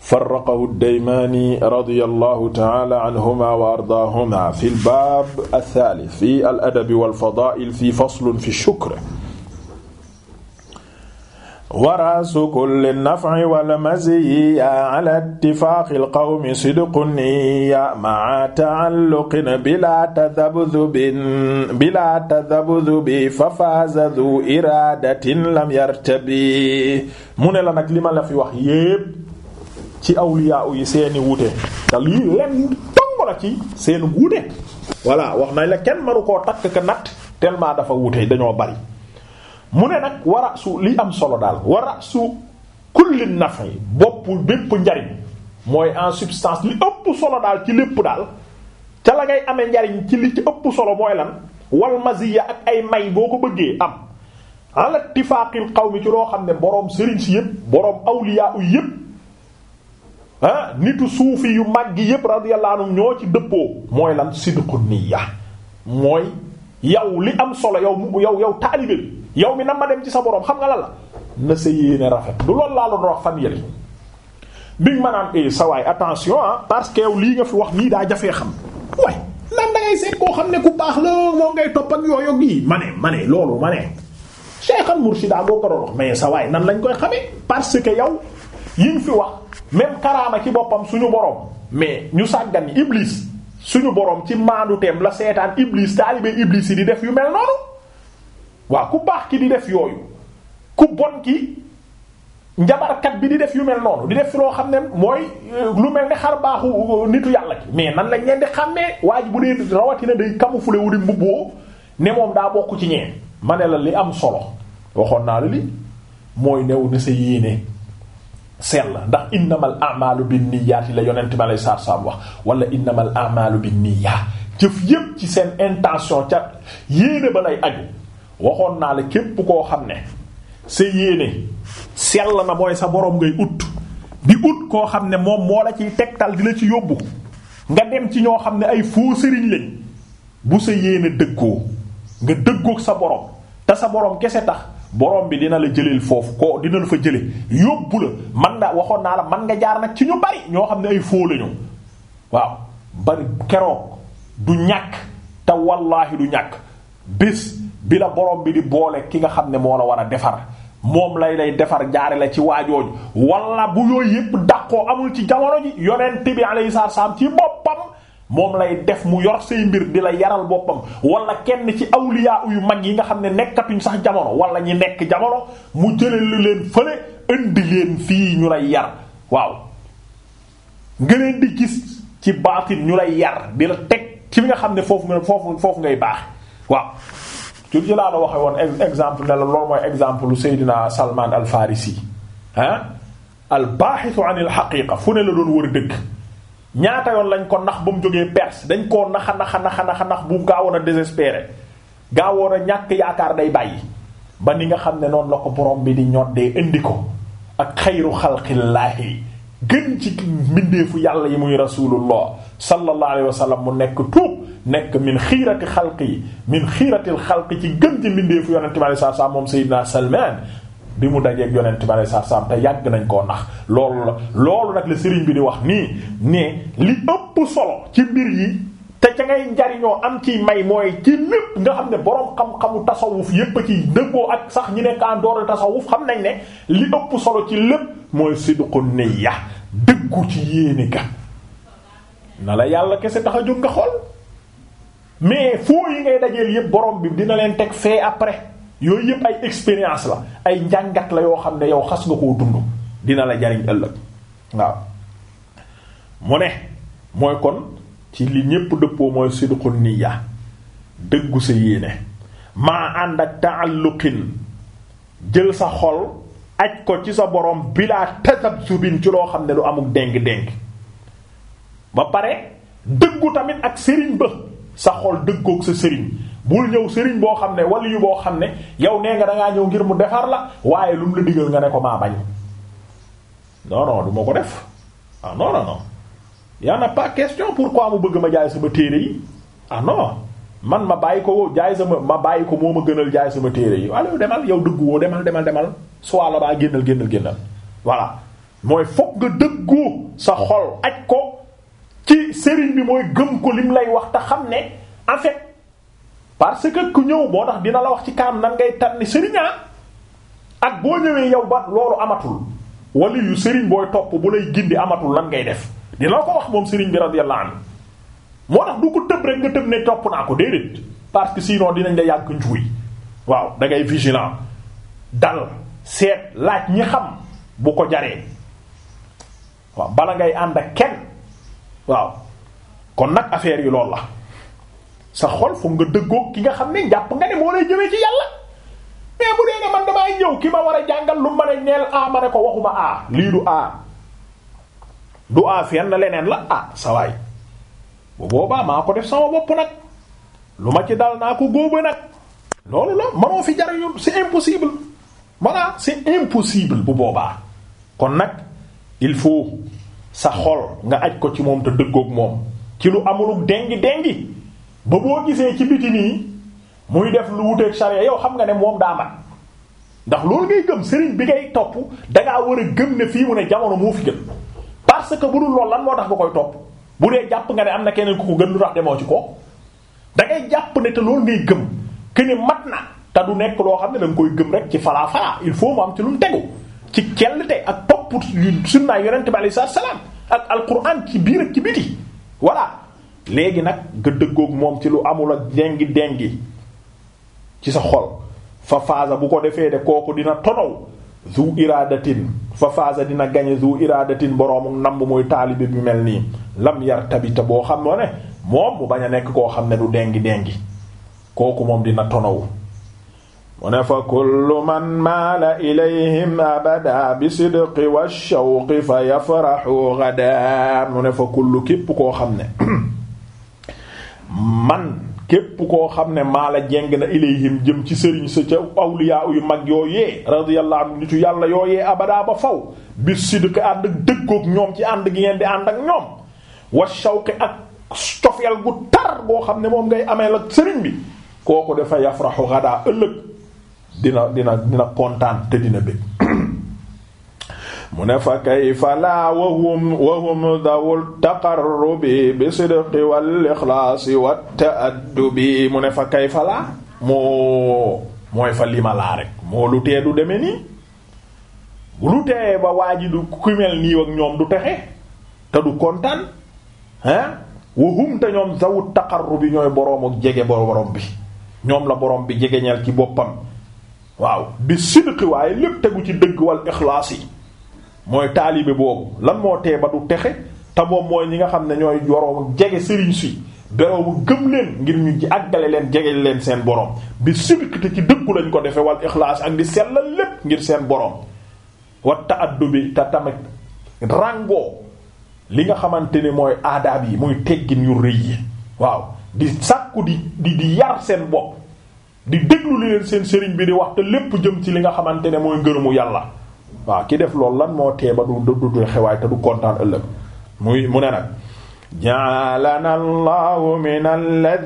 farraqahu daymaani radiyallahu ta'ala anhuma wa ardaahuma fi albaab althalith fi aladabi walfadail fi faslun fi shukr wa raasu kulli naf'i wal maziyyi ala ittifaaqi alqawmi sidqun ya ma'a ta'alluqin bila tadabdubin bila tadabdubi fa faaza dhu iradatin lam yartabi mu ne la nag li ma la fi wax yépp ci awliya yi seeni wute te lii leen tong la ci seeni wute voilà wax nañ la kenn manu koo takk ka natt tellement dafa wute dañoo bari mu ne nag wara su li am solo daal wara su kulli nafi bopp bépp njariñ mooy en substance li ëpp solo daal ci lépp daal ca la ngay amee njariñ ci li ci ëpp solo mooy lan wal maziya ak ay may boo ko bëggee am ala ittifaaqil qawmi ci loo xam ne boroom sëriñ si yëpp boroom awliya u yëpp ah nitu suufi yu mag gi yépp radiyallahu anhum ñoo ci dëppoo mooy lan sidqu ya mooy yow li am solo yow mu yow yow taalibe yow mi na ma dem ci sa boroom xam nga lan la na sa yéene rafet du loolu laa doon wax fan yële bi nga ma naan eh, sa waay attention ah que yow lii nga wax nii daa jafee xam xam ne baax la ngay topp ak yooyu ak yii ma ne loolu ma ne Cheikh boo ko doon wax mais sa waay nan lañ koy xamee parce que yow yiñ fi wax même karaama ci boppam suñu boroom mais ñu sàggan iblis suñu boroom ci maandu teem la seetaan iblis taalibe iblis yi di def yu mel noonu waaw ku baax ki di def yooyu ku bon ki njabarkat bi di def yu mel noonu di def loo xam ne mooy euh, lu mel ni xar baaxu euh, nitu yàlla ki mais nan lañ leen di xàmmee waa ji bu wu di mbubboo ne moom la li am solo waxoon naa la li mooy new na sa yéene sell ndax bi a'malu binniyaati la yonent ma lay saar-saam wax wala innamal a'malu binniyaa jëf yépp ci seen intention ca yéene ba lay aju waxoon naa la képp koo xam ne sa yéene sell na mooy sa borom ngay ut bi ut koo xam ne moom moo la ciy tegtal di la ci yóbbu nga dem ci ñoo xam ne ay faux sëriñ lañ bu sa yéene dëggoo nga dëggoog sa borom te sa borom kese tax borom bi dina la jëleel foofu ko dina la fa jële yóbbu la man nga waxoon naa la man nga jaar nag ci ñu bari ñoo xam ne ay foo la ñu waaw bari keroog du ñàkk te wallaahi du ñàkk bés bi la borom bi di boole ki nga xam ne moo la war a defar moom lay lay defar jaare la ci waajooj wala bu yooyu yépp dàqoo amul ci jamono ji yonent bi alayhi salaam ci boppam moom lay def mu yor say mbir di la yaral boppam wala kenn ci awliya yu mag yi nga xam ne nekkatuñ sax jamono wala ñi nekk jamono mu jëlelu leen fële indi leen fii ñu lay yar waaw nga leen di gis ci baatin ñu lay yar bi la teg ci nga xam ne foofu nga foofu foofu ngay baax waaw jur ji laa la waxee woon exemple ne la loolu mooy exemple Seydina Salman al Farisi ah al baahithu anil haqiqa fu ne la doon wër dëgg ñaata yoon lañ ko nax ba mu jógee Perse dañ koo naxa naxa naxa naxa nax bu gaawoon a désespéré gaawoon a ñàkk yaakaar day bàyyi ba ni nga xam ne noonu la ko borom bi di ñoddee indi ko ak xayru xalqillaahi gën ci mbindeefu yàlla yi muy rasulullah sallallahu alayhi wa sallam mu nekk tuub nekk min xiirati xalq yi min xiiratil xalq ci gën ci mbindeefu yonente bi sallallahu alayhi wa sallam moom sayyidina Salman bi mu dajeeg yonent bi alayhi salaam te yàgg nañ koo nax loolu la loolu nag la sëriñ bi di wax nii ne li ëpp solo ci mbir yi te ca ngay jariñoo am ci may mooy ci lépp nga xam ne boroom xam-xamu tasawuf yépp a ciy ak sax ñi nekk en dehors de tasawuf xam nañ ne li ëpp solo ci lépp mooy sidqu niyya dëggu ci yéene ga na la yàlla kese tax a jóg nga xool mais foo yi ngay dajeel yépp borom bi dina leen teg fee après yooyu yëpp ay expérience la ay njàngat la yoo xam ne yow xas nga koo dund dina la jariñ ëllëg waaw mu ne mooy kon ci li ñépp dëppoo mooy sidqun niyya dëggu sa yéene maa ànd ak ta'alluqin jël sa xol aj ko ci sa borom bilaa tasabsubin ci loo xam ne du amul déng-déng ba pare dëggu tamit ak sëriñ ba sa xol dëggoog sa sëriñ bul ñëw sëriñ boo xam ne waliyu boo xam ne yow nee nga da ñëw ngir mu defar la waaye lu mu la digal nga ne ko maa bañ non non ko def ah non non non y en a bëgg ma jaay sama téere yi ah man ma bàyyi ko jaay sama ma bàyyi ko moo ma gënal jaay sama téere yi walla demal yow dëggu woo demal demal demal soit la baa génnal génnal génnal voilà mooy fokk nga dëggu sa xol aj ko ci sëriñ bi mooy gëm ko lim lay wax te ne parce que ku ñëw moo tax dina la wax ci kanam nan ngay tànni sëriña ak boo ñëwee yow ba loolu amatul wala yu sëriñ booy topp bu lay gindi amatul lan ngay def dina la ko wax moom sëriñ bi radiyallahu anhu moo tax du ko tëb rek nga tëb ne topp naa ko déedéet parce que sinon dinañ la yàgg njuuy waaw dangay ngay vigilant dal seet laaj ñi xam bu ko jaree waaw bala ngay ànd ak kenn waaw kon nag affaire yi loolu la sa xol foog nga dëggoo ki nga xam ne jàpp nga ne moo lay jëmee ci yàlla mais bu dee ne man damay ñëw ki ma war a jàngal lu ma ne neel a ne ko waxuma a lii du a du a fenn leneen la ah sa waay bu boobaa maa ko def sama bopp nag lu ma ci dal naa ko góoba nag loolu la manoo fi jariñu c'est impossible voilà c'est impossible bu boobaa kon nag il faut sa xol nga aj ko ci moom te dëggoog moom ci lu amulug dengi dengi ba boo gisee ci biti nii muy def lu wuteeg charia yow xam nga ne moom daa mat ndax loolu ngay gëm sëriñ bi ngay topp dangaa war a gëm ne fii mu ne jamono moo fi gën parce que bu dul loolu lan moo tax nga koy topp bu dee jàpp nga ne am na keneen ku ko gën lu tax demoo ci ko da ngay jàpp ne te loolu ngay gëm que ne mat na te du nekk loo xam ne da koy gëm rek ci falaa falaa il faut mu am ci lu mu tegu ci te ak topp sunna yonent bi alayhi salaam ak alquran ci biir ak ci biti voilà léegi nag nga dëggoog moom ci lu amul ak dengi dengi ci sa xol fa bu ko defee de kooku dina tonaw zu iradatin fa faasa dina gañe zu iradatin boroomu namb mooy taalibe bi mel nii lam yar tabita boo xam ne moom bu bañ a nekk koo xam ne du dengi dengi kooku moom dina tonaw mu ne fa kullu man maala ilayhim abada bi sidqi wa shawqi fa yafraxu ghadan mu ne fa kullu képp koo xam ne man képp koo xam ne maa la jeng na ilayhim jëm ci sëriñ sa ca awliya yu mag yooyee radiyallahu nitu yàlla yooyee abadaa ba faw bir sidq ànd ak dëggoog ñoom ci ànd gi ngeen di ànd ak ñoom wa shawqi ak cofeel bu tar boo xam ne moom ngay amee la sëriñ bi kooku dafa yafraxu gadaa ëllëg dina dina dina kontaan te dina bëgg mu ne fa kayfa laa wahum wahum dawul taqarrubi bi sidqi wal ixlaasi wa ta'addubi mu ne fa kay laa moo mooy fa lima laa rek moo lu tee du deme nii lu tee ba waa ji du ku nii ak ñoom du texe te du kontaan ah wahum te ñoom dawul taqarrubi ñooy boroom jege borom bi ñoom la borom bi jegeñal ci boppam waaw bi sidqi waaye lépp tegu ci dëgg wal ixlaas yi mooy taalibe boobu lan moo tee ba du texe te moom mooy ñi nga xam ne ñooy yoroomu jege sëriñ si beroomu gëm leen ngir ñu àggale leen jege leen seen borom bi sibikite ci dëggu lañ ko defe wal ixlaas ak di sellal lépp ngir seen borom wat ta addu bi te tamit ràngoo li nga xamante ne mooy aadaab yi muy teggin yu rëy yi waaw di sàkku di di di yar seen bopp di déglu li leen seen sëriñ bi di wax te lépp jëm ci li nga xamante ne mooy ngërëmu yàlla waaw ki def loolu lan moo tee ba du du du xewaay te du kontaan ëllëg muy mu ne nag ja'alana allahu min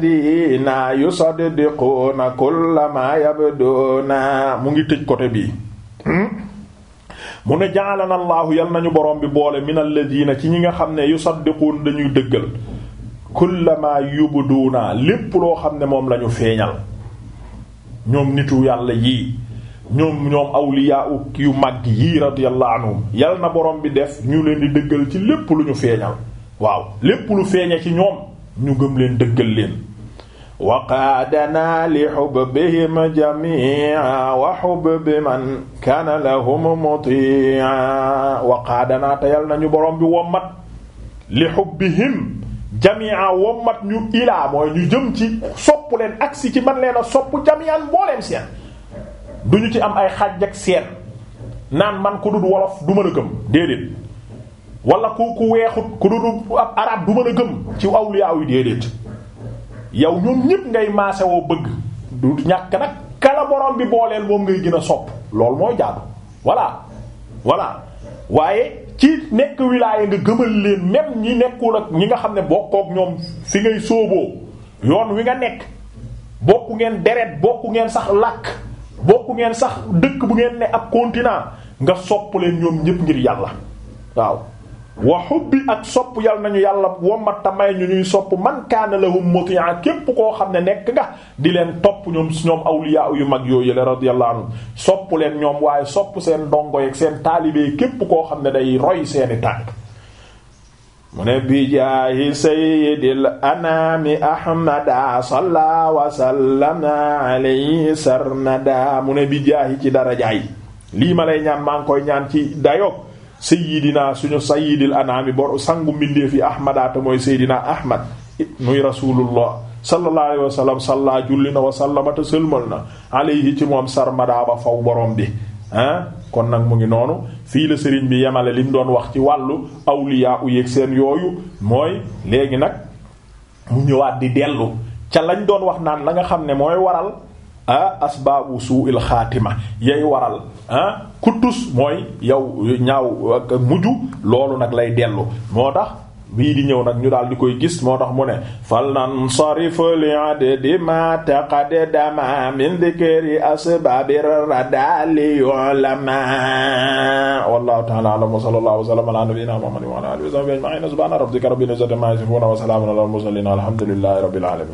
yu yusaddiquna kullama yabduna mu ngi tëj côté bii hmm? mu ne ja'alana yal nañu borom bi boole min alladhina ci ñi nga xam ne yusaddiqun dañuy dëggal kullama yubduna lépp loo xam ne moom lañu feeñal ñoom nitu yàlla yii ñoom ñoom awliya yu màgg yii radiyallahu anhum yal na borom bi def ñu leen di dëggal ci lépp lu ñu feeñal waaw lépp lu feeñe ci ñoom ñu gëm leen dëggal leen waqaadana li xubbihim jamia wa xubbi man kaana lahum mutia waqaadana te yal nañu borom bi wommat li xubbihim jamia wommat ñu ilaa mooy ñu jëm ci sopp leen agsi ci man leen a sopp jamian mbooleem seen du ñu ci am ay xàjj ak seen naan man ku dul wolof du mën a gëm déedéet wala ku ku weexut ku dul ab arab du mën a gëm ci awliyaaw yi déedéet yow ñoom ñépp ngay maase woo bëgg du ñàkk nag kala bi booleel moom ngay gën a sopp loolu mooy jaadu voilà voilà waaye ci nekk wilaaye nga gëmal leen même ñi nekkul ak ñi nga xam ne bokkook ñoom fi ngay sóoboo yoon wi nga nekk bokku ngeen deret bokku ngeen sax làkk bokku ngeen sax dëkk bu ngeen ne ab continent nga sopp leen ñoom ñëpp ngir yàlla waaw wa bi ak sopp yal nañu yàlla wommat ta may ñu ñuy sopp man kaana lahum muti'a képp koo xam ne nekk nga di leen topp ñoom ñoom awliya yu mag yooyu la radiyallahu anhu sopp leen ñoom waaye sopp seen dongo yeeg seen taalibe képp koo xam ne day roy seeni tànk mu ne bi jaahi sayyidil anaami ahmada salla wa alayhi sarmada mu ne bi jaahi ci darajaay lii ma lay ñaan maa koy ñaan ci dayoog sayyidina suñu sayyidil anaami bor sangu mbindeefi ahmada te mooy sayyidina ahmad muy rasulullah sallallahu alayhi wa sallam salla julli na wa sallamata sëlmal na alayhi ci moom sarmada ba faw borom bi ah kon nag mu ngi noonu fii la sëriñ bi yemale li doon wax ci wàllu awliya u yeeg seen yooyu mooy léegi nag mu ñëwaat di dellu ca lañ doon wax naan la nga xam ne mooy waral ah asbaabu su'il xaatima yay waral ah kuttus mooy yow ñaaw ak loolu nag lay dellu moo tax bii di ñëw nag ñu daal di koy gis moo tax mu ne fal nan sarif li adadi ma taqaddama min dhikri asbabir radali ulama wallahu ta'ala a'lam wa sallallahu wa sallama ala nabiyyina muhammadin wa ala alihi wa sahbihi ajma'in subhana rabbika rabbil izzati amma yasifun wa salamun ala al mursalin walhamdulillahi rabbil alamin